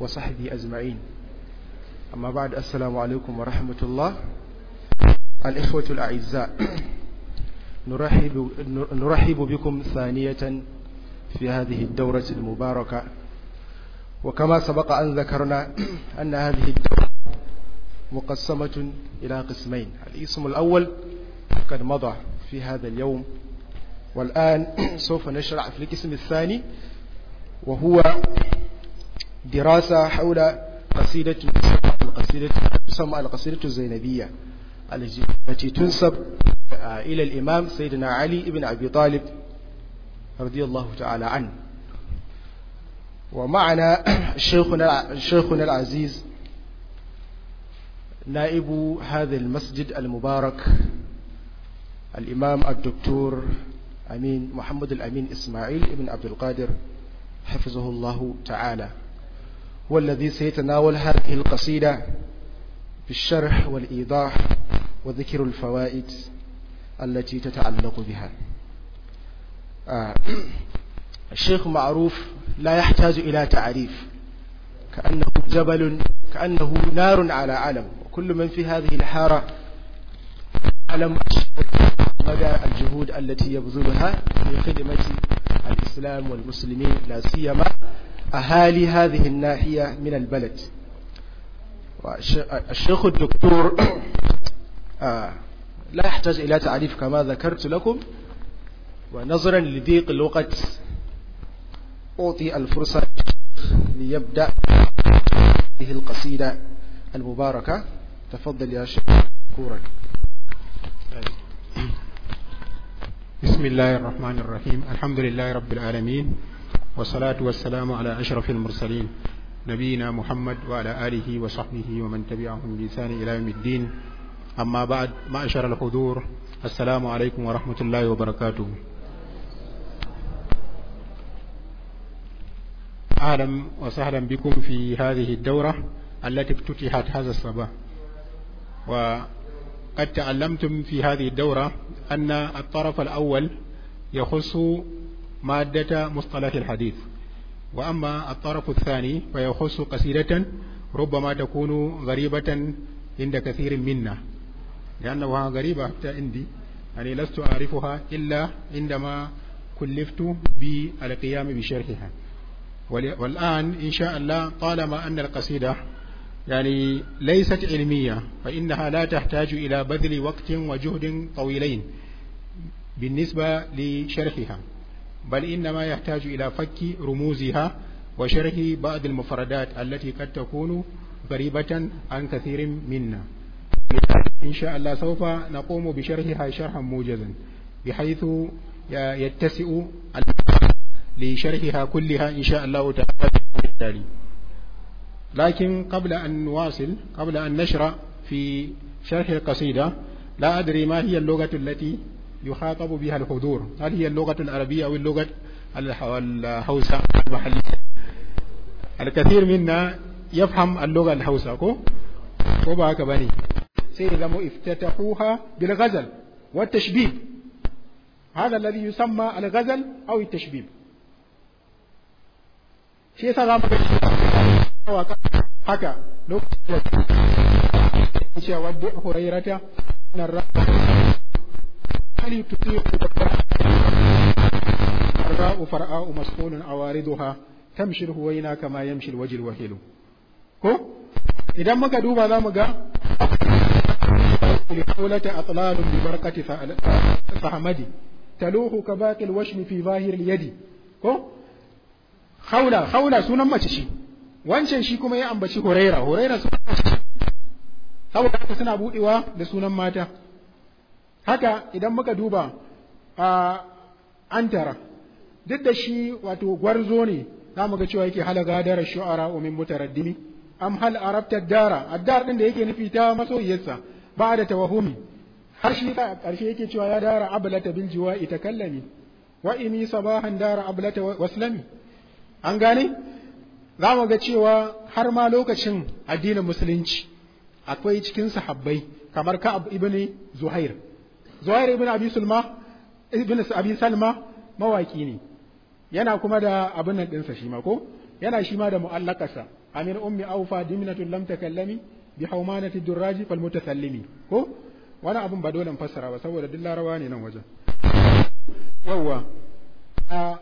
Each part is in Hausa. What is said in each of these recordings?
وصحبه أجمعين أما بعد السلام عليكم ورحمة الله الإخوة الأعزاء نرحب, نرحب بكم ثانية في هذه الدورة المباركة وكما سبق أن ذكرنا أن هذه الدورة مقسمة إلى قسمين الاسم الأول قد مضى في هذا اليوم والآن سوف نشرع في القسم الثاني وهو دراسة حول قصيدة القصيدة تسمى القصيدة الزينبية التي تنسب آه، إلى الإمام سيدنا علي بن أبي طالب رضي الله تعالى عنه ومعنا شيخنا شيخنا العزيز نائب هذا المسجد المبارك الإمام الدكتور أمين محمد الأمين إسماعيل بن عبد القادر حفظه الله تعالى والذي سيتناول هذه القصيدة بالشرح والإيضاح وذكر الفوائد التي تتعلق بها آه، الشيخ معروف لا يحتاج إلى تعريف كأنه جبل كأنه نار على علم وكل من في هذه الحارة علم مدى الجهود التي يبذلها في خدمة الإسلام والمسلمين لا سيما أهالي هذه الناحية من البلد الشيخ الدكتور آه، لا يحتاج إلى تعريف كما ذكرت لكم ونظرا لضيق الوقت أعطي الفرصة ليبدأ هذه القصيدة المباركة تفضل يا شيخ كورك بسم الله الرحمن الرحيم الحمد لله رب العالمين والصلاة والسلام على أشرف المرسلين نبينا محمد وعلى آله وصحبه ومن تبعهم بإحسان إلى يوم الدين أما بعد معشر الحضور السلام عليكم ورحمة الله وبركاته أهلا وسهلا بكم في هذه الدورة التي افتتحت هذا الصباح وقد تعلمتم في هذه الدورة أن الطرف الأول يخص مادة مصطلح الحديث وأما الطرف الثاني فيخص قصيدة ربما تكون غريبة عند كثير منا لأنها غريبة حتى عندي يعني لست أعرفها إلا عندما كلفت بالقيام بشرحها والآن إن شاء الله طالما أن القصيدة يعني ليست علمية فإنها لا تحتاج إلى بذل وقت وجهد طويلين بالنسبة لشرحها بل إنما يحتاج إلى فك رموزها وشرح بعض المفردات التي قد تكون غريبة عن كثير منا إن شاء الله سوف نقوم بشرحها شرحا موجزا بحيث يتسع لشرحها كلها إن شاء الله تعالى لكن قبل أن نواصل قبل أن نشرع في شرح القصيدة لا أدري ما هي اللغة التي يخاطب بها الحضور هل هي اللغة العربية أو اللغة الحوسة المحلية الكثير منا يفهم اللغة الحوسة وباك بني سيلم افتتحوها بالغزل والتشبيب هذا الذي يسمى الغزل أو التشبيب shi yasa za mu ga cewa haka lokacin da cewa duk hurairata nan rafa hali tusiqu farra'u far'a'u masqulun awariduha tamshi huwaina kama yamshi alwajil wahilu ko idan muka duba zamu ga لحولة أطلال ببركة فحمدي تلوح كباقي الوشم في ظاهر اليد ko haula haula sunan mace shi wancan shi kuma ya ambaci horaira horaira sunan mace shi saboda haka suna buɗewa da sunan mata haka idan muka duba a antara duk da shi wato gwarzo ne za mu ga cewa yake halaga dara shu'ara wa min mutaraddimi am hal arabta dara addar din da yake nufi ta masoyiyarsa ba da tawahumi har shi ka karshe yake cewa ya dara ablata bil jiwa'i takallami wa imi sabahan dara ablata waslami an gane za mu ga cewa har ma lokacin addinin musulunci akwai cikin sahabbai kamar ka ibn zuhair zuwair ibn abi sulma ibn abi salma mawaki ne yana kuma da abin nan dinsa shi ma ko yana shi ma da mu'allaqasa amir ummi aufa diminatul lam takallami bi haumanati durraji fal mutasallimi ko wani abun ba dole fassara ba saboda duk larawa ne nan wajen yawwa a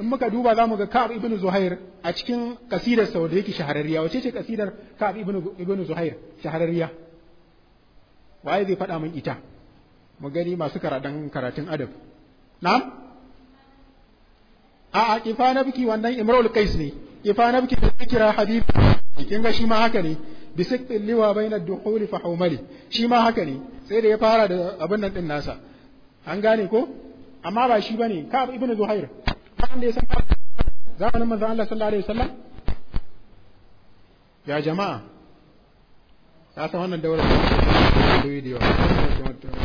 in muka duba za mu ga Ka'ab ibn Zuhair a cikin kasidar sa da yake shahararriya wace ce kasidar Ka'ab ibn ibn Zuhair shahararriya waye zai faɗa min ita mu gani masu karatun karatun adab na'am a a kifa biki wannan imrul qais ne kifa biki da kira habib kin ga shi ma haka ne bisik liwa baina dukhuli fa humali shi ma haka ne sai da ya fara da abin nan din nasa an gane ko amma ba shi bane ka ibnu zuhair wanda ya san zamanin manzon Allah sallallahu alaihi wasallam ya jama'a ya san wannan daular da yawa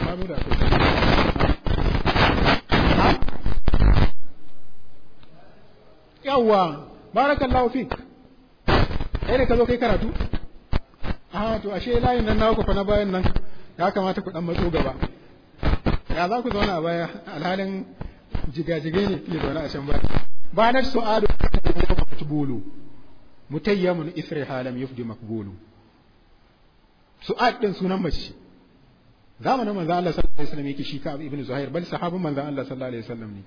Hamidu akwai yawwa barakallahu fik kai ne ka zo kai karatu a ah, to ashe layin nan na fa na bayan nan ya kamata ku dan matso gaba ya za ku zauna a baya alhalin jigajige ne ke zaune a can baya ba na Ado. matbulu mutayyamun isri halam yufdi makbulu su'ad din sunan mace zamanin manzo Allah sallallahu alaihi wasallam yake shi ka ibn Zuhair bal sahabin manzo Allah sallallahu alaihi wasallam ne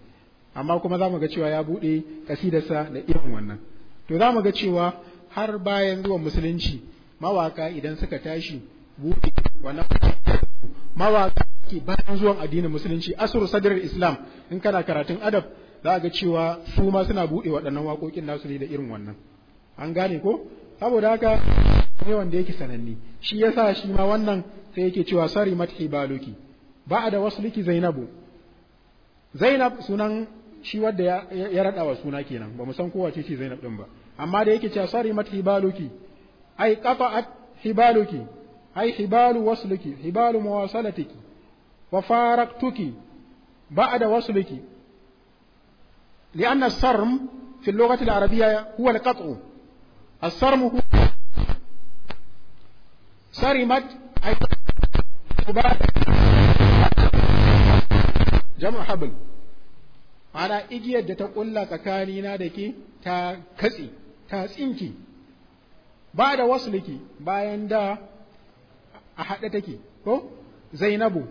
amma kuma zamu ga cewa ya bude kasidarsa da irin wannan to zamu ga cewa har bayan zuwan musulunci mawaka idan suka tashi bude wannan mawaka ke bayan zuwan addinin musulunci asr sadr islam in kana karatun adab za ga cewa su ma suna bude waɗannan waƙoƙin nasu ne da irin wannan an gane ko saboda haka ne wanda yake sananne shi yasa shi ma wannan sai yake cewa sari mathi baluki ba da wasliki zainabu zainab sunan shi wadda ya raɗa wa suna kenan ba mu san kowa ce ce zainab ɗin ba amma da yake cewa sari mat hibaluki ai at hibaluki ai hibalu wasliki hibalu mawasalatiki wa faraktuki ba'da wasluki لأن الصرم في اللغة العربية هو القطع الصرم هو صرمت kubal ana igiyar da ta kulla tsakanina da ke ta katsi ta tsinki ba da wasu liki, bayan da a haɗe take ko zainabu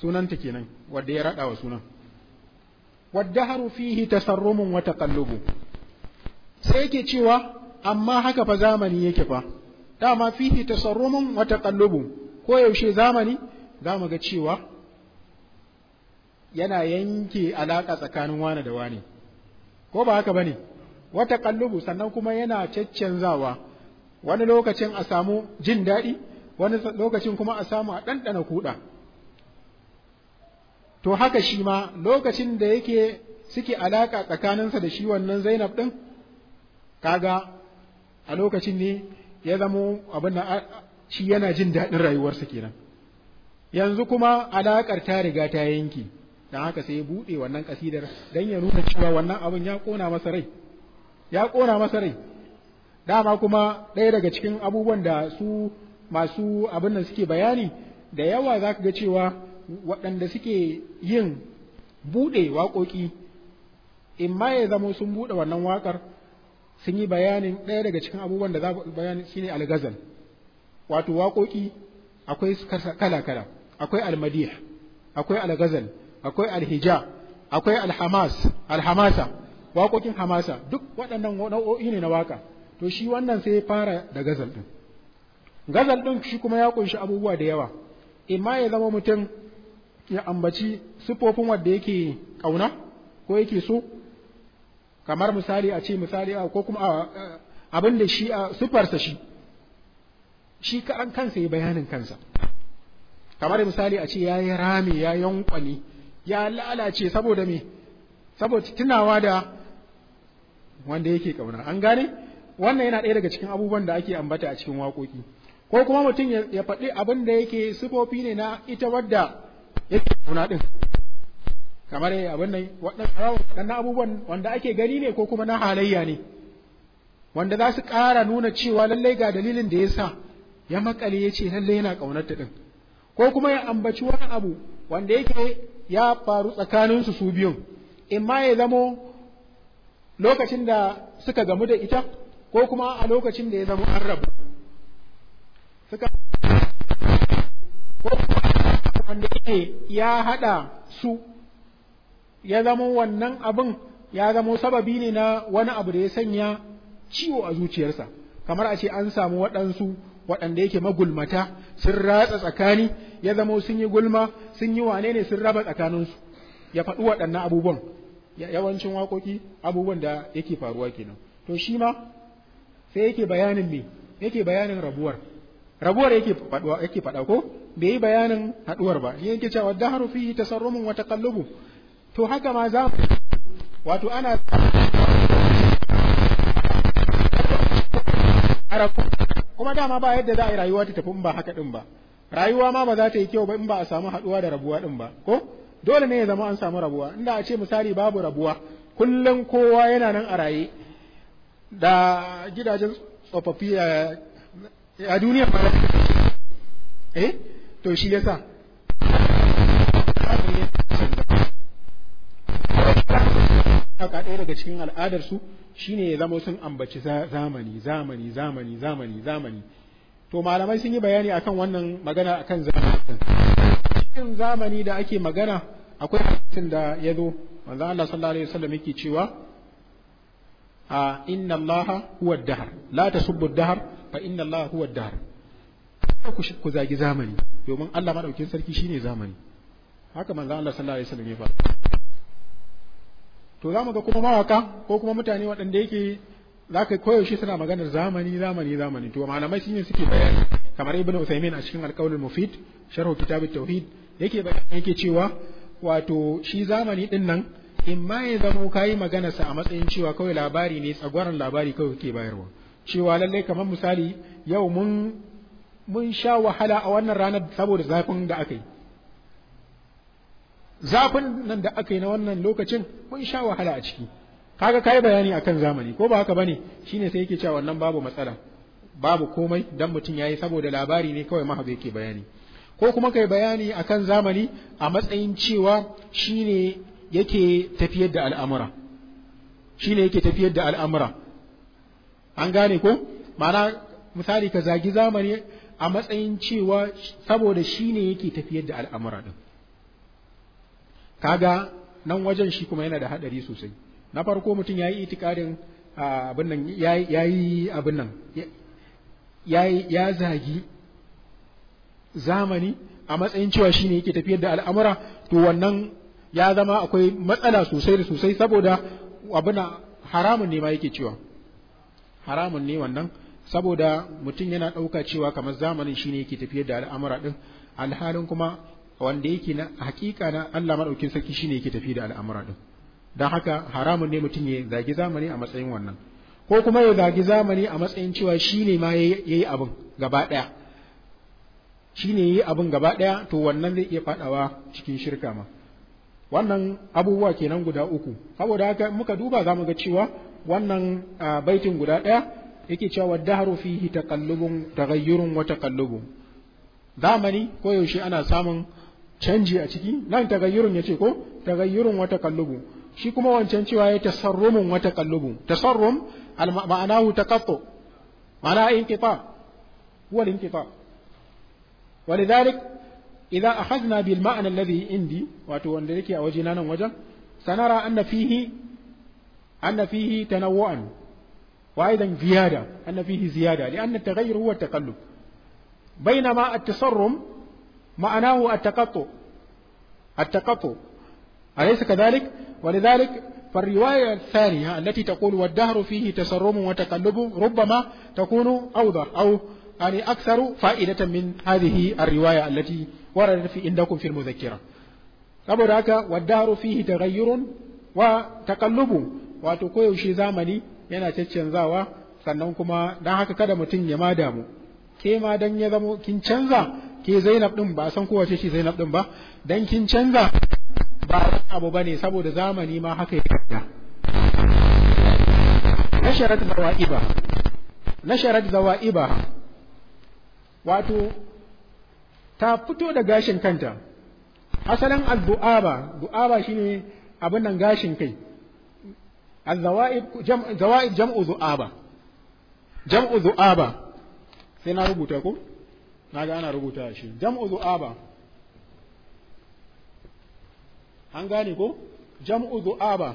sunanta kenan wadda ya raɗa wa sunan Wadda waddaharu fihi tasarrumun wata kallubu sai yake cewa amma haka fa zamani yake fa dama fihi tasarrumun wata kallubu ko yaushe zamani za mu ga cewa yana yanke alaƙa tsakanin wane da wane ko ba haka bane wata kallubu sannan kuma yana caccanzawa wani lokacin a samu jin daɗi wani lokacin kuma a samu a ɗanɗana kuɗa to haka shi ma lokacin da yake suke alaƙa tsakaninsa da shi wannan zainab ɗin kaga a lokacin ne ya zamo abin da shi yana jin daɗin rayuwarsa kenan yanzu kuma alaƙar ta riga ta yanki don haka sai ya buɗe wannan ƙasidar don ya nuna cewa wannan abin ya ƙona masa rai ya ƙona masa rai dama kuma ɗaya daga cikin abubuwan da su masu abin nan suke bayani da yawa za ka ga cewa waɗanda suke yin buɗe waƙoƙi in ma ya zama sun buɗe wannan waƙar sun yi bayanin ɗaya daga cikin abubuwan da za bayani shine algazal wato waƙoƙi akwai kala-kala akwai almadih akwai algazal akwai alhija akwai alhamas alhamasa waƙoƙin hamasa duk waɗannan nau'o'i ne na waƙa to shi wannan sai ya fara da gazal ɗin. gazal ɗin shi kuma ya ƙunshi abubuwa da yawa imma ya zama mutum ya ambaci sifofin wanda yake ƙauna ko yake so kamar misali a ce misali ko kuma abin da shi a sifarsa shi shi kaɗan kansa ya bayanin kansa kamar misali a ce ya yi rami ya yankwani ya lalace saboda me saboda tunawa da wanda yake ƙauna an gane wannan yana ɗaya daga cikin abubuwan da ake ambata a cikin waƙoƙi ko kuma mutum ya faɗi abin da yake sifofi ne na ita wadda yake ƙauna ɗin kamar eh, abin nan waɗannan abubuwan wanda ake gani ne ko kuma na halayya ne wanda za su ƙara nuna cewa lallai ga dalilin da ya sa ya makale ya ce lalle yana ƙaunar ta ɗin ko kuma ya ambaci wani abu wanda yake ya faru tsakaninsu su biyun in ma ya zamo lokacin da suka gamu da ita ko kuma a lokacin da ya zamo an rabu suka ko kuma wanda yake ya haɗa su ya zamo wannan abin ya zamo sababi ne na wani abu da ya sanya ciwo a zuciyarsa kamar a ce an samu waɗansu waɗanda yake magulmata sun ratsa tsakani ya zama sun yi gulma sun yi wane ne sun raba tsakaninsu ya faɗi waɗannan abubuwan yawancin waƙoƙi abubuwan da yake faruwa kenan to shi ma sai yake bayanin me yake bayanin rabuwar rabuwar yake faɗuwa yake faɗa ko bai yi bayanin haɗuwar ba shi yake cewa dahru fihi tasarrumun wa taqallubu to haka ma za wato ana arafu kuma dama ba yadda za a yi rayuwa ta tafi in ba haka din ba rayuwa ma ba za ta yi kyau ba in ba a samu haɗuwa da rabuwa din ba ko dole ne ya zama an samu rabuwa inda a ce misali babu rabuwa kullum kowa yana nan a raye da gidajen tsofaffi eh, a duniya ba eh to shi yasa haka ɗaya daga cikin al'adarsu shine ya zama sun ambaci zamani zamani zamani zamani zamani to malamai sun yi bayani akan wannan magana akan zamani cikin zamani da ake magana akwai hadisin da ya zo manzo Allah sallallahu alaihi wasallam yake cewa a inna Allah huwa dahar la tasubbu ad-dahr fa inna Allah huwa dahar dahr ku ku zagi zamani domin Allah madaukin sarki shine zamani haka manzo Allah sallallahu alaihi wasallam ya faɗa to za mu ga kuma mawaka ko kuma mutane waɗanda yake za ka koyaushe suna maganar zamani zamani zamani to malamai shine suke bayani kamar ibn usaimin a cikin alqaulul mufid sharhu kitab tauhid yake bayani yake cewa wato shi zamani din nan in ma ya zamo kayi magana sa a matsayin cewa kawai labari ne tsagwaran labari kawai kake bayarwa cewa lallai kamar misali yau mun mun sha wahala a wannan ranar saboda zafin da aka yi zafin nan da aka yi na wannan lokacin mun sha wahala a ciki kaga kai bayani akan zamani ko ba haka bane shine sai yake cewa wannan babu matsala babu komai dan mutum yayi saboda labari ne kawai mahaza yake bayani ko kuma kai bayani akan zamani a matsayin cewa shine yake tafiyar da al'amura shine yake tafiyar da al'amura an gane ko ma'ana misali ka zagi zamani a matsayin cewa saboda shine yake tafiyar da al'amura din kaga nan wajen shi kuma yana da haɗari sosai na farko mutum ya yi itikarin abin nan ya yi abin nan ya zagi zamani a matsayin cewa shi ne yake tafiyar da al'amura to wannan ya zama akwai matsala sosai da sosai saboda abin haramun ne ma yake cewa haramun ne wannan saboda mutum yana ɗauka cewa kamar zamanin shi ne yake tafiyar da al'amura ɗin alhalin kuma wanda yake na hakika na Allah madaukin sarki shine yake tafi da al'amura din dan haka haramun ne mutum ya zagi zamani a matsayin wannan ko kuma ya zagi zamani a matsayin cewa shine ma yayi abin gaba daya shine yayi abin gaba daya to wannan zai iya fadawa cikin shirka ma wannan abubuwa kenan guda uku saboda haka muka duba zamu ga cewa wannan baitin guda daya yake cewa wadharu fihi taqallubun taghayyurun wa taqallubun zamani koyaushe ana samun canji a ciki nan tagayyurun ya ce ko tagayyurun wata kallubu shi kuma wancan cewa ya tasarrumun wata kallubu tasarrum ma'anahu taqattu ma'ana inqita huwa al-inqita ولذلك إذا أخذنا بالمعنى الذي عندي وتوندلك أوجنانا وجه سنرى أن فيه أن فيه تنوعا وأيضا زيادة أن فيه زيادة لأن التغير هو التقلب بينما التصرم معناه التقطع التقطع أليس كذلك ولذلك فالرواية الثانية التي تقول والدهر فيه تسرم وتقلب ربما تكون أوضح أو يعني أكثر فائدة من هذه الرواية التي وردت في عندكم في المذكرة saboda haka waddaru fihi taghayyurun wa taqallubu wato koyaushe zamani yana caccanzawa sannan kuma dan haka kada mutum ya ma damu ke ma dan ya zamo kin canza ke Zainab din ba san kowace ce Zainab din ba dan kin canza ba abu bane saboda zamani ma haka yake da nasharat zawaiba nasharat zawaiba wato ta fito da gashin kanta asalin addu'aba du'aba shine abin nan gashin kai الزوائب جمع زوائب جمع ذؤابة جمع ذؤابة rubuta ربوتكم na ga ana rubuta shi jam'u zu'aba an gane ko jam'u zu'aba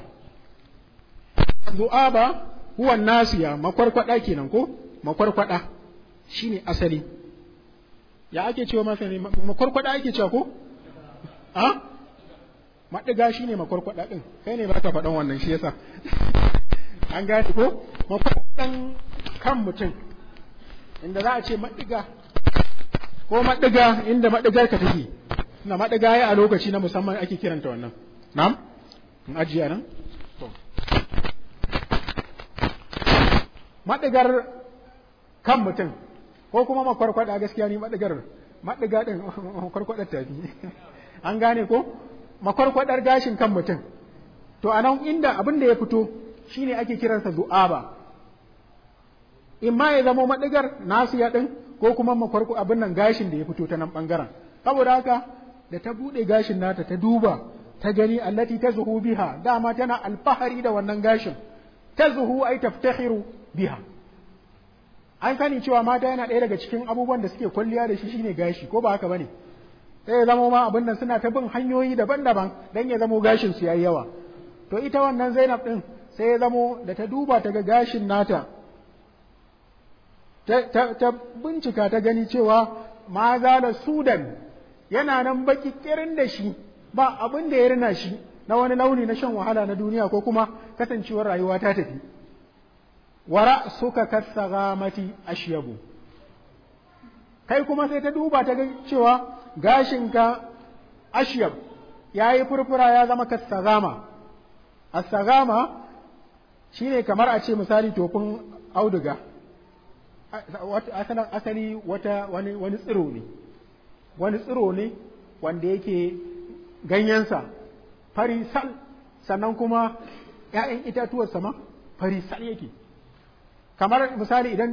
zu'aba huwa nasiya makwarkwada kenan ko makwarkwada shine asali ya ake cewa masa ne makwarkwada ake cewa ko a maɗiga shine makwarkwada din kai ne baka faɗan wannan shi yasa an gane ko makwarkwadan kan mutum inda za a ce maɗiga ko maɗiga inda maɗigar ka take na maɗiga ya a lokaci na musamman ake kiranta wannan na'am in ajiya nan maɗigar kan mutum ko kuma makwarkwada gaskiya ni maɗigar maɗiga ɗin makwarkwadar tafi an gane ko makwarkwadar gashin kan mutum to a nan inda abin da ya fito shine ake kiransa zu'aba in ma ya zamo maɗigar nasu ya ɗin ko kuma makwarko abin nan gashin da ya fito ta nan bangaren saboda haka da ta bude gashin nata ta duba ta gani allati ta zuhu biha dama tana alfahari da wannan gashin ta zuhu ai taftahiru biha an sani cewa mata yana ɗaya daga cikin abubuwan da suke kwalliya da shi shine gashi ko ba haka bane sai ya zamo ma abin nan suna ta bin hanyoyi daban-daban dan ya zamo gashin su yayi yawa to ita wannan Zainab din sai ya zamo da ta duba ta ga gashin nata ta bincika ta gani cewa ma da sudan yana nan baki kirin da shi ba abin da ya rina shi na wani launi na shan wahala na duniya ko kuma kasancewar rayuwa ta tafi wara suka kasa gamati ashiyabu. kai kuma sai ta duba ta gani cewa gashinka ashiyabu ya yi furfura ya zama gama. Asarama shine kamar a ce misali tofin auduga asalin asali wata wani tsiro ne wani tsiro ne wanda yake ganyensa fari sal sannan kuma ‘ya'yan itatuwar sama fari sal yake kamar misali idan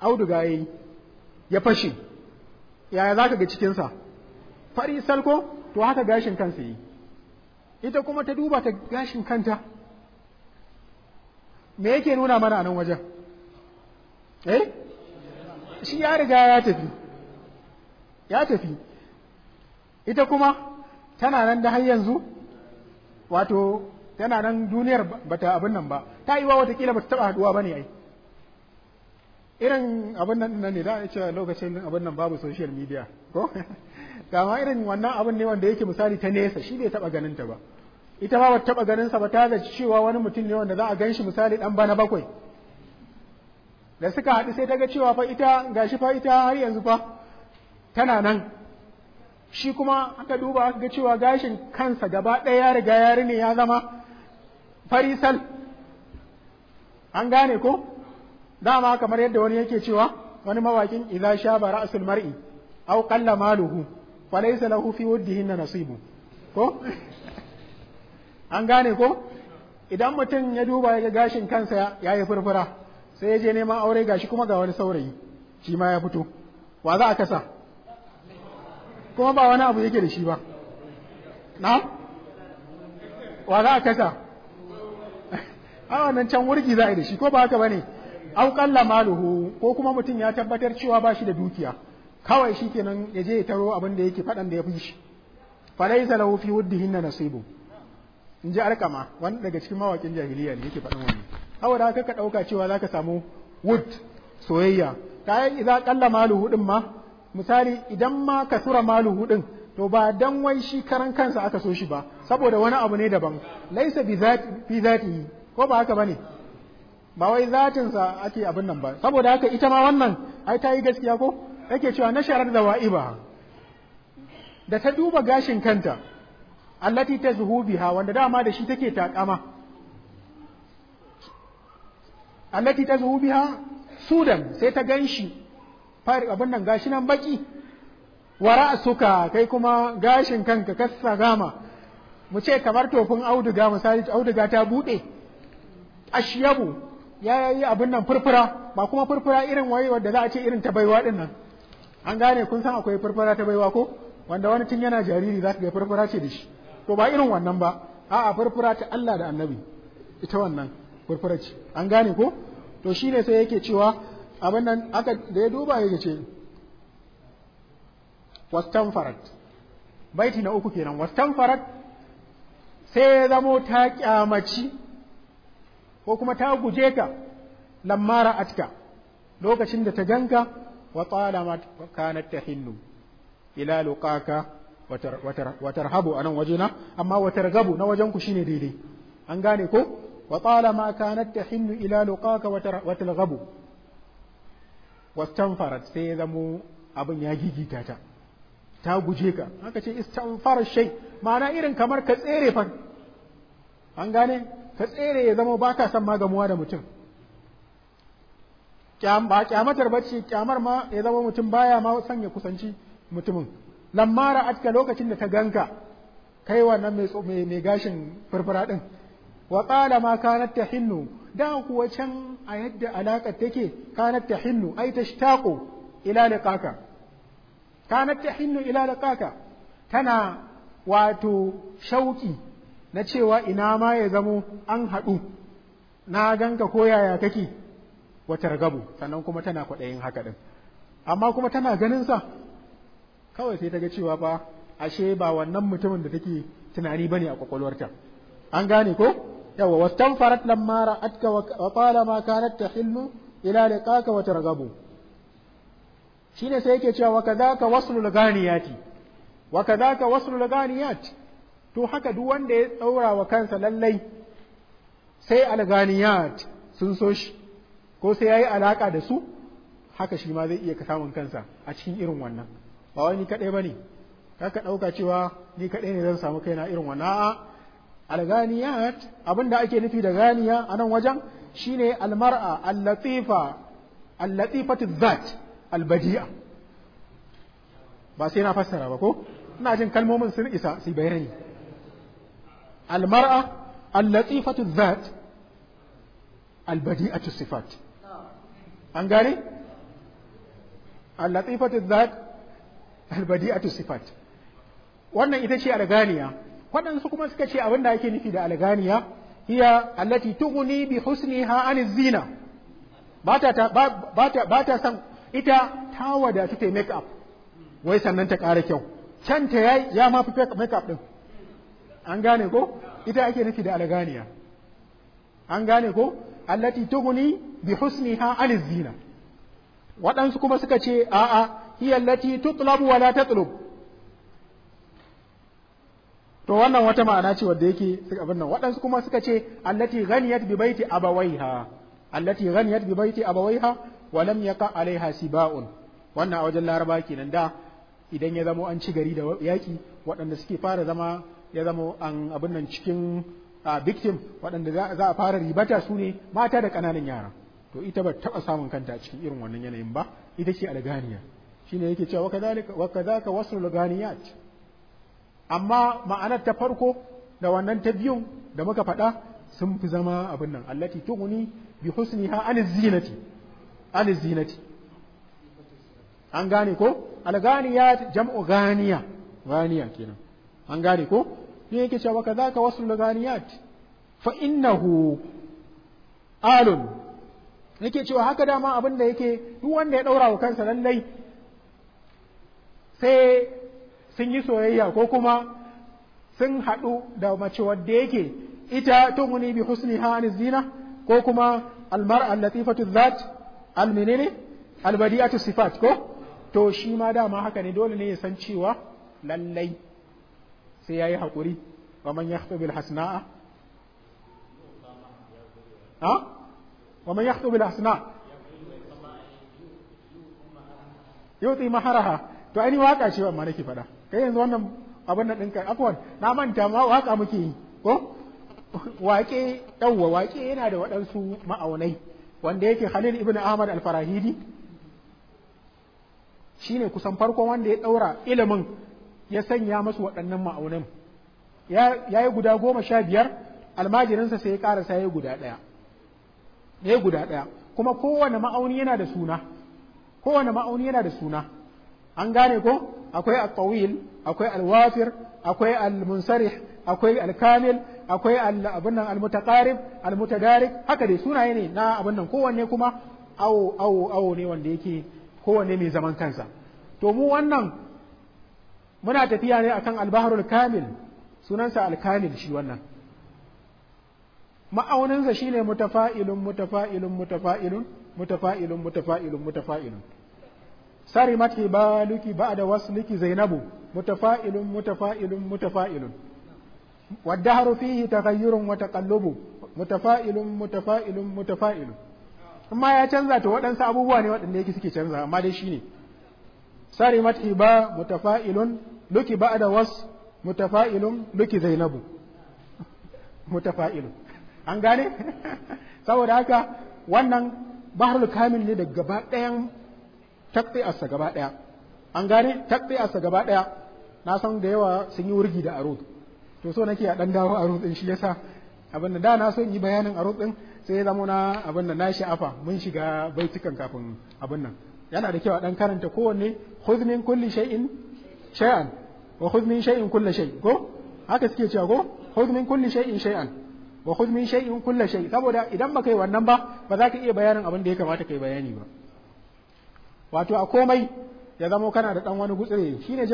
auduga ya yi ya fashe yaya za ka ga cikinsa fari sal ko to haka gashin kansa yi ita kuma ta duba ta gashin kanta me yake nuna mana anan wajen Eh? shi ya riga ya tafi ya tafi ita kuma tana nan da har yanzu wato tana nan duniyar bata abin nan ba ta yi wa watakila ba ta taba haduwa ba ne ai irin abin nan ne za a ce lokacin abin nan babu social media ko dama irin wannan abin ne wanda yake misali ta nesa shi bai taba ganin ta ba ita ma ba taba ganin sa ba ta ga cewa wani mutum ne wanda za a gan shi misali dan bana bakwai da suka haɗu sai ta ga cewa fa ita ga shi fa ita har yanzu fa tana nan shi kuma aka duba aka ga cewa gashin kansa gaba ɗaya ya riga ya rine ya zama farisal an gane ko dama kamar yadda wani yake cewa wani mawakin idza shaba ra'sul mar'i aw qalla maluhu fa laysa lahu fi wuddihin nasibu ko an gane ko idan mutum ya duba ya ga gashin kansa ya yi furfura sai ya je neman aure gashi kuma ga wani saurayi shi ma ya fito wa za a kasa kuma ba wani abu yake da shi ba na wa za a kasa a wannan can wurgi za a yi da shi ko ba haka ba ne auƙalla maluhu ko kuma mutum ya tabbatar cewa ba shi da dukiya kawai shi kenan ya je ya taro abin da yake faɗan da ya fi shi falaisa lahu fi wuddihinna nasibu in ji alkama wani daga cikin mawakin jahiliya ne yake faɗan wani saboda haka ka ɗauka cewa za ka samu wood soyayya kayan idan ƙalla malu ɗin ma misali idan ma ka tura malu ɗin to ba dan wai shi karan kansa aka so shi ba saboda wani abu ne daban laisa bi zati ko ba haka bane ba wai zatinsa ake abin nan ba saboda haka ita ma wannan ai ta yi gaskiya ko yake cewa na sharar da wa'iba da ta duba gashin kanta allati tazhu biha wanda dama da shi take takama ta tazhu biha sudan sai ta ganshi fari abin nan gashi nan baki wa ra'suka kai kuma gashin kanka kassa gama mu ce kamar tofin auduga misali auduga ta bude ashyabu ya yi abin nan furfura ba kuma furfura irin waye wanda za a ce irin ta baiwa din nan an gane kun san akwai furfura ta baiwa ko wanda wani tun yana jariri za ka ga furfura ce da shi to ba irin wannan ba a'a furfura ta Allah da Annabi ita wannan furfura an gane ko to shine sai yake cewa abin nan aka da ya duba yake ce wastanfarat baiti na uku kenan wastanfarat sai ya zamo ta kyamaci ko kuma ta guje ka lammara atka lokacin da ta ganka wa ma kanat hinnu ila luqaka watar watar habu anan wajena amma watar gabu na wajen ku shine daidai an gane ko وطالما كانت تحن إلى لقاك وتلغب واستنفرت سيذمو أبن يجيجي تاتا تاوجيكا هكذا استنفر الشيء معنى إرن كمر كسيري فن أنغاني كسيري يذمو باكا سمى غموانا متن كام kyamatar bacci kyamar ma ya zama mutum baya ma son ya kusanci mutumin لما رأتك لوكا شنة تغنكا ganka kai wannan mai gashin wa qala ma kanat tahinnu da kuwa can a yadda alaƙar take kanat tahinnu ai tashtaqu ila liqaka kanat tahinnu ila liqaka tana wato shauƙi. na cewa ina ma ya zamo an haɗu na ganka ko yaya kake wata ragabu sannan kuma tana kwaɗayin haka ɗin amma kuma tana ganin sa kawai sai ta ga cewa ba ashe ba wannan mutumin da take tunani bane a kwakwalwarta an gane ko yawa wastanfarat lamma atka wa ma kanat tahillu ila liqaka wa targabu shine sai yake cewa kadaka waslu laganiyati wa kadaka waslu laganiyati to haka duk wanda ya tsaura wa kansa lallai sai alganiyat sun so shi ko sai yayi alaka da su haka shi ma zai iya samun kansa a cikin irin wannan ba wani ni kadai bane kaka dauka cewa ni kadai ne zan samu kaina irin wannan a'a Alganiyat ghaniyat da ake nufi da ganiya a nan wajen shine almar'a, allatifa, al-latifa al ba sai na fassara ba ko ina jin kalmomin sun isa su bayani al-mar'a al-latifatu sifat an gane al-latifatu dhat sifat wannan ita ce alganiya. waɗansu kuma suka ce abin da ake nufi da alganiya hiya allati tughni bi husniha an zina ba ta san ita ta wadatu ta make up wai sannan ta ƙara kyau can ta yayi ya ma fi make up din an gane ko ita ake nufi da alganiya an gane ko allati tughni bi husniha an zina waɗansu kuma suka ce a'a hiya allati tutlabu wa la tatlub to wannan wata ma'ana ce wadda yake abin nan waɗansu kuma suka ce allati ghaniyat bi baiti abawaiha allati ghaniyat bi baiti abawaiha wa lam yaqa alaiha siba'un wannan a wajen laraba kenan da idan ya zamo an ci gari da yaki waɗanda suke fara zama ya zamo an abin nan cikin victim waɗanda za a fara ribata su ne mata da ƙananan yara to ita ba taɓa samun kanta a cikin irin wannan yanayin ba ita ce alganiya shine yake cewa wa kadhalika wa kadhaka wasu alganiyat amma ma'anar ta farko da wannan ta biyun da muka faɗa sun fi zama abin nan allati tuhuni bi husniha an zinati an zinati an gane ko alganiya jam'u ganiya ganiya kenan an gane ko ne yake cewa kadhaka wasul ganiyat fa innahu alun yake cewa haka dama abin da yake duk wanda ya daura wa kansa lallai sai sun yi soyayya ko kuma sun haɗu da mace wadda yake ita tuguni bi husni hani zina ko kuma almar al-latifatu dhat al-menene al-badi'atu sifat ko to shi ma dama haka ne dole ne ya san cewa lallai sai yayi hakuri wa man yahtu bil hasna'a ha wa man yahtu bil hasna yuti maharaha to ani waka ce wannan nake faɗa kai eh, yanzu wannan abin da ɗinka akwai na manta ma waka muke yi ko waƙe ɗauwa waƙe yana da waɗansu ma'aunai wanda yake halin ibn Ahmad al-Farahidi shine kusan farko wanda ya ɗaura ilimin ya sanya masu waɗannan ma'aunin ya yi guda goma sha biyar almajirinsa sai ya ƙarasa ya guda ɗaya ya guda ɗaya kuma kowane ma'auni kowane ma'auni yana da suna an gane ko akwai al tawil akwai al-wafir akwai al-munsarih akwai al-kamil akwai abin nan al-mutaqarib al-mutadarik haka dai sunaye ne na abun nan kowanne kuma awo awo awo ne wanda yake kowanne mai zaman kansa to mu wannan muna tafiya ne akan al-bahrul kamil sunansa al-kamil shi wannan ma'auninsa shine mutafa'ilun mutafa'ilun mutafa'ilun mutafa'ilun mutafa'ilun mutafa'ilun Sari ba hibaluki ba'da luki zainabu mutafa'ilun mutafa'ilun mutafa'ilun Wadda والدهر فيه تغير وتقلب mutafa'ilun mutafa'ilun mutafa'ilun. amma ya canza ta waɗansa abubuwa ne waɗanda yake suke canza amma dai shi ne. sari mati ba mutafa'ilun luki ba da was mutafa'ilun luki zainabu mutafa'ilun an gane saboda haka wannan baharul kamil ne da gaba ɗayan taqti'arsa gaba ɗaya an gane taqti'arsa gaba ɗaya na san da yawa sun yi wurgi da aro to so nake a ɗan dawo aro ɗin shi yasa abin da da na so yi bayanin aro ɗin sai zamo zama na abin da na sha'afa mun shiga baitukan kafin abin nan yana da kyau a ɗan karanta kowanne huzmin kulli shay'in shay'an wa huzmin shay'in kulli shay ko haka suke cewa ko huzmin kulli shay'in shay'an wa huzmin shay'in kulli shay saboda idan baka yi wannan ba ba za ka iya bayanin abin da ya kamata kai bayani ba wato a komai ya zamo kana da ɗan wani gutsire shi ne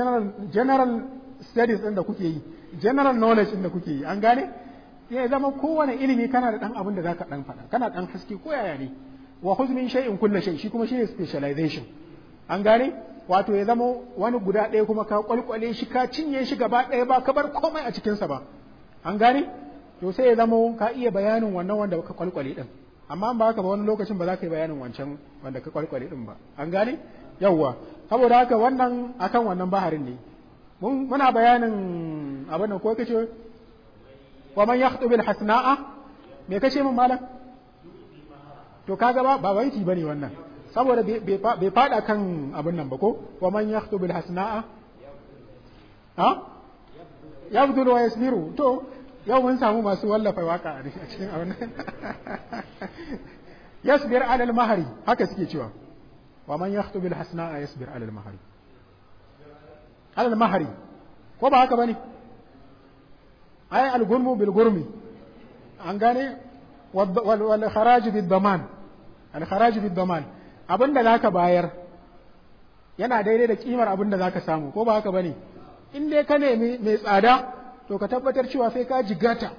general studies ɗin da kuke yi general knowledge ɗin da kuke yi an gane ya zama kowane ilimi kana da dan abin da za ka dan faɗa kana ɗan haske ko yaya ne wa shai min shay'in kullu shay shi kuma shine specialization an gane wato ya zama wani guda ɗaya kuma ka kwalkwale shi ka cinye shi gaba ɗaya ba ka bar komai a cikinsa ba an gane to sai ya zama ka iya bayanin wannan wanda ka kwalkwale din amma ba haka ba wani lokacin ba za ka yi bayanin wancan wanda ka kwalkwale din ba an gane yawwa saboda haka wannan akan wannan baharin ne mun muna bayanin abin nan ko kace wa man yakhdu bil hasna'a me kace mun malam to kaga ba ba wanki bane wannan saboda bai fada kan abin nan ba ko wa man yakhdu bil hasna'a ha ah? yabdul wa yasmiru to yau mun samu masu wallafa waka a cikin auna yasbir alal mahari haka suke cewa wa man yakhthu bil hasana yasbir alal mahari alal mahari ko ba haka bane ay al gurmu bil gurmi an gane wal kharaj bid daman al kharaj bid daman abinda zaka bayar yana daidai da kimar abinda zaka samu ko ba haka bane in dai ka nemi mai tsada to ka tabbatar cewa sai ka jigata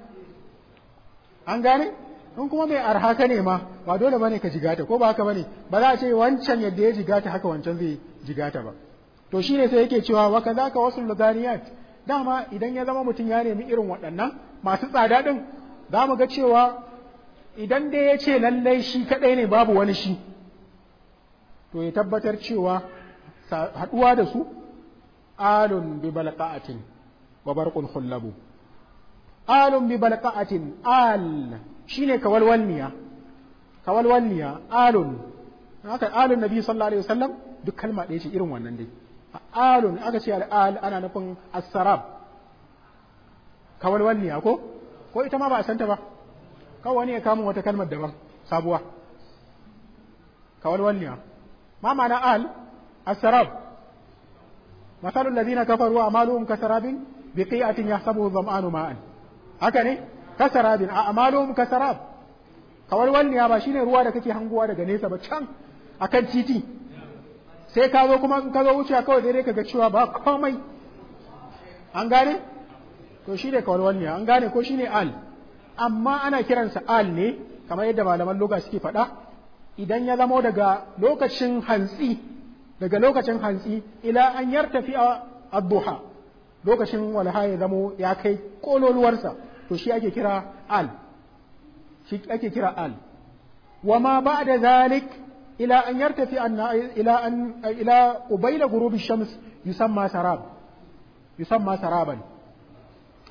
an gane in kuma mai arha ka ne ma ba dole bane ka jigata ko ba haka bane ba za a ce wancan yadda ya jigata haka wancan zai jigata ba to shi ne sai yake cewa wa ka wasu lugariyat dama idan ya zama mutum ya nemi irin waɗannan masu tsada ɗin, za mu ga cewa idan dai ya ce lallai shi kaɗai ne babu wani shi to ya tabbatar cewa haɗuwa da su alun bi balqa'atin wa barqun khullabu alun bi balqa'atin al shine kawalwalniya kawalwalniya alun alun nabi sallallahu alaihi wasallam duk kalma ɗaya ce irin wannan dai alun aka ce al ana nufin ko ko ita ma ba a santa ba kawai wani ya kama wata kalmar daban sabuwa kawalwalniya ma ma'ana al as-sarab مثل الذين كفروا أعمالهم bi qi'atin yahsabuhu ma'an haka ne kasarabin a'maluhum kasarab kawar walliya ba shine ruwa da kake hanguwa daga nesa ba can akan titi sai ka zo kuma in ka zo wuce kawai dai ka ga cewa ba komai an gane to shi ne kawar an gane ko shine al amma ana kiransa al ne kamar yadda malaman loga suke faɗa idan ya zamo daga lokacin hantsi daga lokacin hantsi ila an yartafi a duha lokacin walha ya zamo ya kai kololuwarsa to shi ake kira al shi ake kira al wa ma ba'da zalik ila an yartafi anna ila an ila ubayla ghurubi shams yusamma sarab yusamma saraban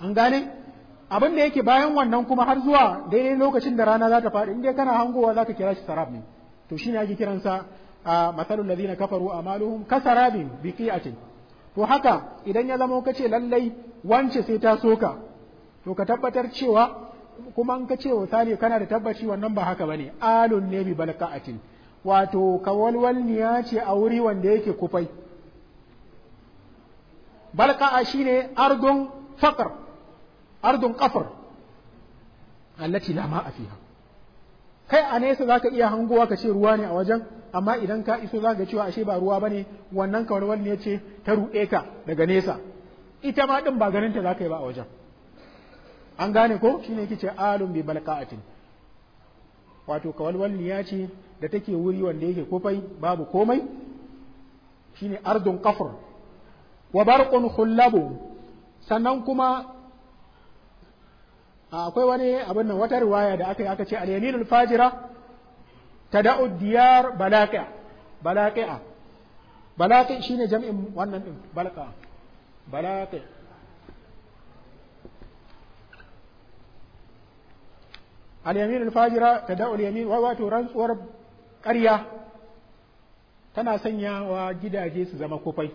an gane abin da yake bayan wannan kuma har zuwa daidai lokacin da rana za ta faɗi in dai kana hangowa za ka kira shi sarab ne to shine ake kiransa a masalul ladina kafaru amaluhum kasarabin biqi'atin to haka idan ya zama kace lallai wance sai ta soka to ka tabbatar cewa kuma in ka ce wa sani kana da tabbaci wannan ba haka bane alun ne bi balqa'atin wato kawalwalniya ce a wuri wanda yake kufai balqa'a shine ardun faqr ardun qafr allati la ma'a fiha kai a nesa zaka iya hangowa ka ce ruwa ne a wajen amma idan ka iso za cewa ashe ba ruwa bane wannan kawarwar ne ce ta ruɗe ka daga nesa ita ma din ba ganin ta za ka yi ba a wajen an gane ko shine yake ce alum bi balqa'atin wato kawalwal ya ce da take wuri wanda yake kofai babu komai shine ardun kafur wa barqun khullabu sannan kuma akwai wani abin nan wata riwaya da aka yi aka ce al-yaminul fajira tada'u diyar balaqi'a balaqi'a balaqi shine jam'in wannan din balqa balaqi al-yamin al-fajira tada'u al-yamin wa wato rantsuwar ƙarya tana sanyawa gidaje su zama kufai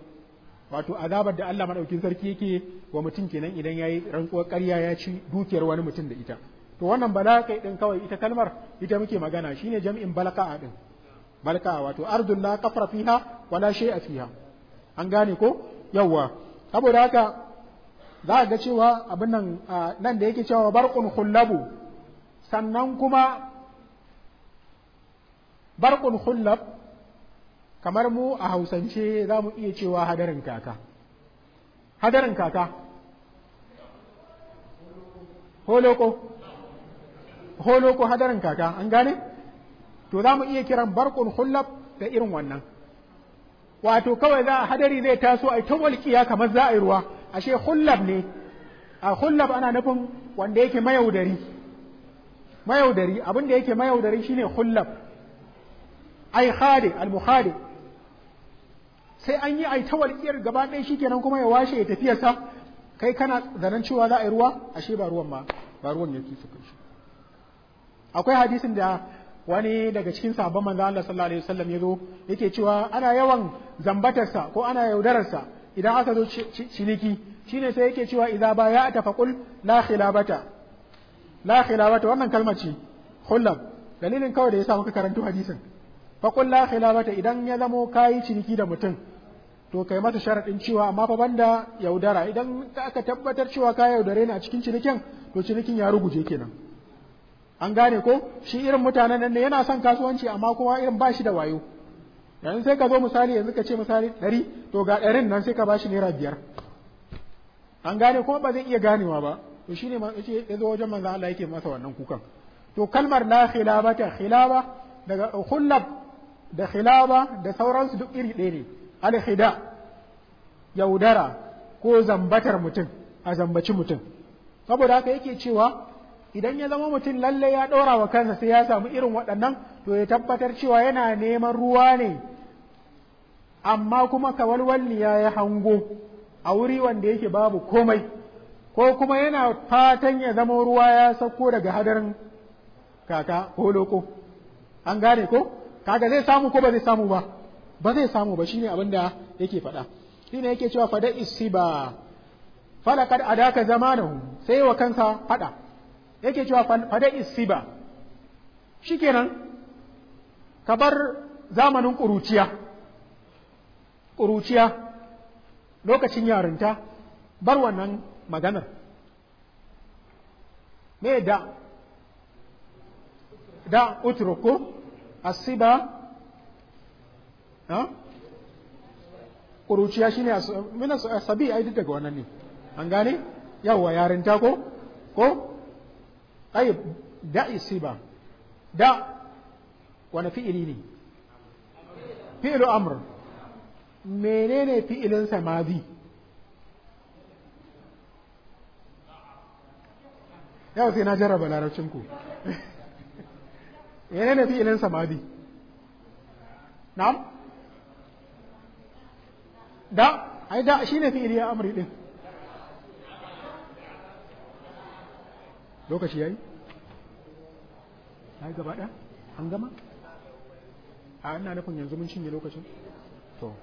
wato azabar da Allah madaukin sarki yake wa mutum kenan idan yayi rantsuwar ƙarya ya ci dukiyar wani mutum da ita to wannan balaka din kawai ita kalmar ita muke magana shine jam'in balaka din balqa'a wato ardun la qafra fiha wala shay'a fiha an gane ko yawa saboda haka za ga cewa abin nan nan da yake cewa barqun khullabu sannan kuma barqun khullab kamar mu a hausance za mu iya cewa hadarin kaka hadarin kaka holoko holo ko hadarin kaka an gane to za mu iya kiran barkun hullab da irin wannan wato kawai za a hadari zai taso a ta walƙiya kamar za a yi ruwa ashe hullab ne a hullab ana nufin wanda yake mayaudari mayaudari abin da yake mayaudari shine hullab ai khadi al mukhadi sai an yi ai ta walƙiyar gaba ɗaya shikenan kuma ya washe ya tafiyarsa kai kana zanen cewa za a yi ruwa ashe ba ruwan ma ba ruwan yake suka shi akwai hadisin da wani daga cikin sabon manzo Allah sallallahu alaihi wasallam yazo yake cewa ana yawan zambatarsa ko ana yaudararsa idan aka zo ciniki shine sai yake cewa idza ba ta faqul la khilabata la khilabata wannan kalma ce khullab dalilin kawai da yasa muka karanta hadisin faqul la khilabata idan ya zamo kai ciniki da mutum to kai mata sharadin cewa amma fa banda yaudara idan aka tabbatar cewa ka yaudare ni a cikin cinikin to cinikin ya ruguje kenan an gane ko shi irin mutanen nan ne yana son kasuwanci amma kuma irin bashi da wayo yanzu sai ka zo misali yanzu ka ce misali ɗari to ga ɗarin nan sai ka bashi naira biyar an gane kuma ba zai iya ganewa ba to shine ya zo wajen maza Allah yake masa wannan kukan to kalmar la ta khilaba daga khullab da khilaba da sauransu duk iri ɗaya ne alhida yaudara ko zambatar mutum a zambaci mutum saboda haka yake cewa idan ya zama mutum lallai ya ɗora wa kansa sai ya samu irin waɗannan to ya tabbatar cewa yana neman ruwa ne amma kuma kawalwalli ya yi hango a wuri wanda yake babu komai ko kuma yana fatan ya zama ruwa ya sauko daga hadarin kaka ko loko an gane ko kaga zai samu ko ba zai samu ba ba zai samu ba shine abin da yake faɗa shine yake cewa fada isiba falakad adaka zamanahu sai wa kansa faɗa yake cewa fada isiba shikenan ka bar zamanin ƙuruciya ƙuruciya lokacin yarinta bar wannan maganar me da da utruku asiba ƙuruciya shine mina sabi ai duk daga wannan ne an gane yawwa yarinta ko ko طيب دع الصيغة دع وانا فعلي ne فعل امر menene fi'ilinsa mazi yau sai na jarraba larabcinku menene fi'ilinsa mazi da ai da shine fi'ili amri lokaci yayi ai gaba da an gama a ina nufin yanzu mun cinye lokacin to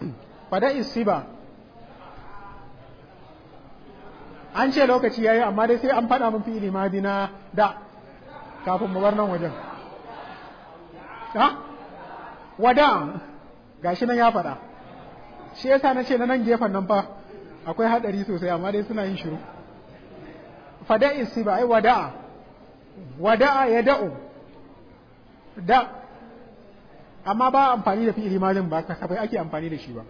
fada isiba an ce lokaci yayi amma dai sai an fada mun fi ilima na da kafin mu bar nan wajen ha wada gashi nan ya fada shi yasa nace na nan gefen nan fa akwai hadari sosai amma dai suna yin shiru fada'in si ba ai wada'a wada'a ya da'u da amma ba amfani da fi'ili malin ba kasafai ake amfani da shi ba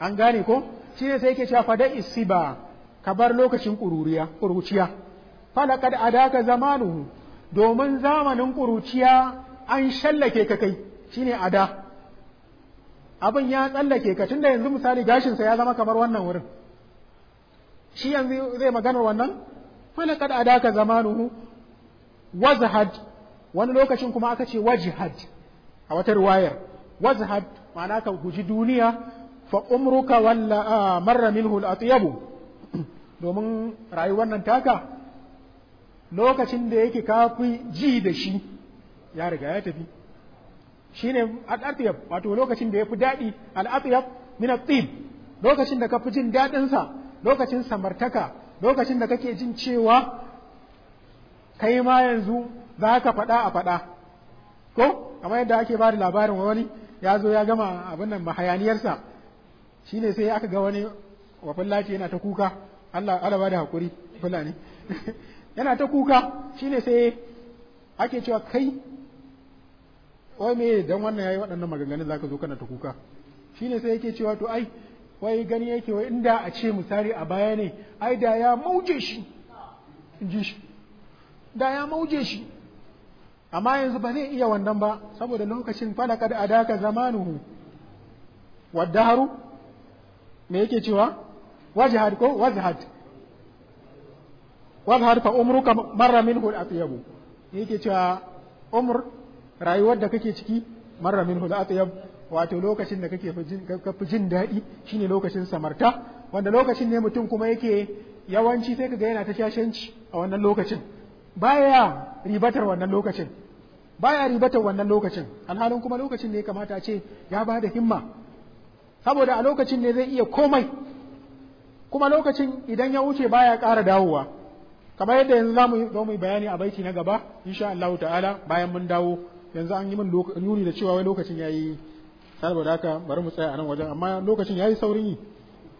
an gane ko shi ne sai yake cewa fada'in si ba ka bar lokacin kururiya kuruciya falakad adaka zamanuhu domin zamanin kuruciya an shallake ka kai shine ada abin ya tsallake ka tun da yanzu misali gashinsa ya zama kamar wannan wurin shi yanzu zai maganar wannan walaqad adaka zamanuhu wazhad wani lokacin kuma aka ce wajihad a wata riwayar wazhad ma'ana ka guji duniya fa umruka walla marra minhu al domin rayuwar nan taka lokacin da yake kafi ji da shi ya riga ya tafi shine al-atyab wato lokacin da yafi dadi al-atyab min at lokacin da ka fi jin daɗinsa lokacin samartaka lokacin da kake jin cewa kai ma yanzu za ka faɗa a faɗa ko kamar yadda ake ba da labarin wani ya zo ya gama abin nan mahayaniyarsa shine sai aka ga wani wa fullaci yana ta kuka Allah alaba da hakuri fulani yana ta kuka shine sai ake cewa kai wai me dan wannan yayi waɗannan maganganun zaka zo kana ta kuka shine sai yake cewa to ai wai gani yake wai inda a ce misali a baya ne ai da ya mauje shi ji shi da ya mauje shi amma yanzu ba zai iya wannan ba saboda lokacin fa laqad adaka zamanuhu wadaharu me yake cewa wajhad ko wazhad wazhad fa umruka marra minhu al-atyabu yake cewa umr rayuwar da kake ciki marra minhu al-atyab wato lokacin da kake fi jin daɗi shine lokacin samarta wanda lokacin ne mutum kuma yake yawanci sai kaga yana ta shashanci a wannan lokacin baya ribatar wannan lokacin baya ribatar wannan lokacin alhalin kuma lokacin ne kamata ce ya ba da himma saboda a lokacin ne zai iya komai kuma lokacin idan ya wuce baya ƙara dawowa kamar yadda yanzu za mu yi bayani a baiti na gaba insha Allah ta'ala bayan mun dawo yanzu an yi min nuni da cewa wai lokacin ya yi saboda haka bari mu tsaya a nan wajen amma lokacin ya yi saurin yi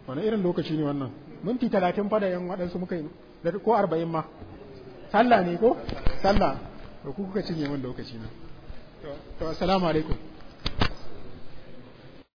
wani irin lokaci ne wannan minti talatin fada yan waɗansu muka yi ko arba'in ma sallah ne ko sallah to kuka cinye min lokaci na to assalamu alaikum